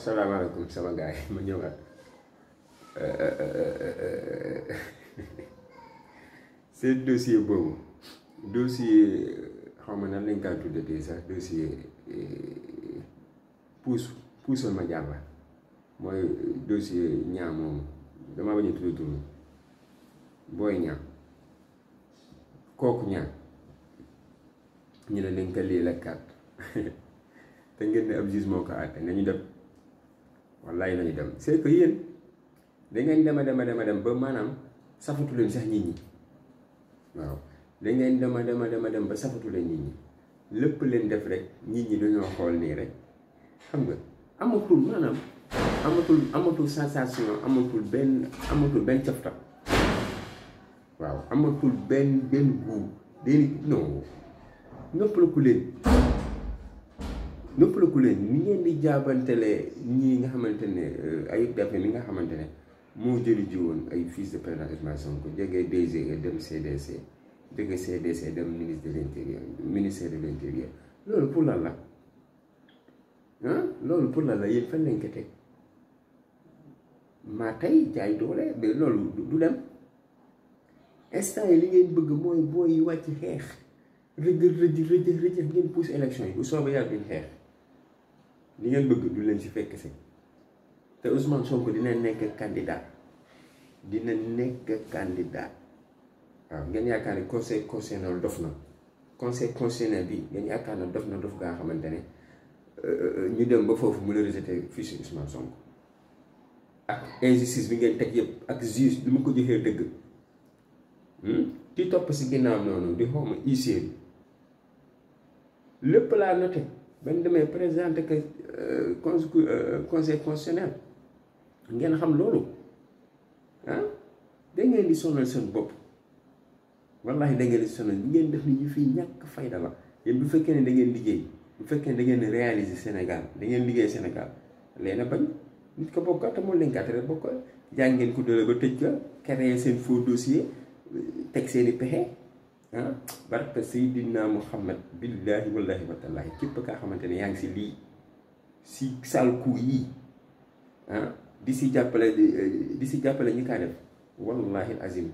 salaamaaleykum sama gars yi ma ñëwaat seen dossier boobu dossier xaw ma nan lañ kaa tuddatee sax dossier eh, puus puusal ma jàmba mooy dossier ñaa moomu damaa bañ a tudd booy ñaa kooku ñaa ñu ne lañ ko lii la kat te ngeen ne ab gis moo ko àtte nañu def wallaay la dem c'est que yéen da ngeen dema dema dema dem ba maanaam safatu sax nit ñi waaw da ngeen dema dema dema dem ba safatu leen ñi lépp leen def rek nit ñi dañoo xool nii rek xam nga amatul maanaam amatul amatul sensation amatul benn amatul benn cafta waaw amatul benn benn guub déedéet non nëpp la ku leen noppaliku leen ni ngeen di jaabantelee ñii nga xamante ne euh, Ayib Daffé mi nga xamante ne moo jëli ji ay fils de jege DG dem CDC jege CDC dem ministre ministère de l' pour lan la loolu pour la la yéen fan lañ ko teg maa tey jaay doole loolu du dem instant yi li ngeen bëgg mooy booy wàcc xeex rëjë rëjë rëjë rëjë ngeen pousse élection yi bu soobee yàlla duñ xeex li ngeen bëgg du leen si fekk si te Ousmane Sonko dina nekk candidat dina nekk candidat waaw ngeen yaakaar ne conseil constitutionnel dof na conseil constitutionnel bi ngeen yaakaar ne dof na dof gaa xamante ne euh, euh, ñu dem ba foofu mën a rejeté fii si Ousmane Sonko ak injustice bi ngeen teg yëpp ak juge li mu ko joxee dëgg hmm? di topp si ginnaaw noonu di xawma huissier bi lépp laa noté ba ñu demee présenté que euh, euh, conseil constitutionnel ngeen a xam loolu ah da ngeen di sonal seen bopp wallahi da ngeen di sonal li ngeen def ni ñu fi ñàkk fayda la yéen bu fekkee ne da ngeen liggéey bu fekkee ne da ngeen réaliser Sénégal dangeen ngeen liggéey Sénégal leena bañ nit ko bokk te moom lañ gàttale bokk jàng ngeen ko doole ba tëj ka créer seen faux dossier euh, teg seen i pexe. ah barke Seydina Muhammad billahi wallahi watallahi képp kaa xamante ni yaa ngi si lii si salku yii ah, di si jàppale di si jàppale ñi kaa def wallahi azim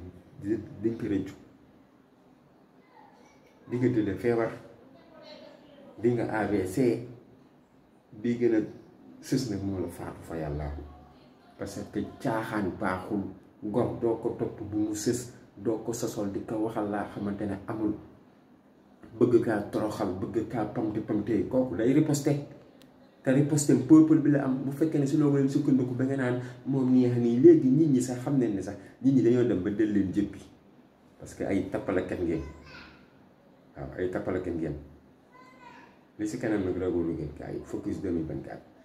dañ ko di nga tëdd feebar di nga AVC bii gën a sës nag moo la faatu fa yàlla parce que caaxaan baaxul gor doo ko topp bu mu sës doo ko sosol di ko waxal laa xamante ne amul bëgg kaa toroxal bëgg kaa pamte pamte kooku day riposte te riposte peuple bi la am bu fekkee ne si loo leen sukkandiku ba nga naan moom neex nii léegi nit ñi sax xam nañ ni sax nit ñi dañoo dem ba del leen jëppi parce que ay tappalakat ngeen waaw ay tappalakat ngeen li si kanam nag Rogo Louga ay focus 2024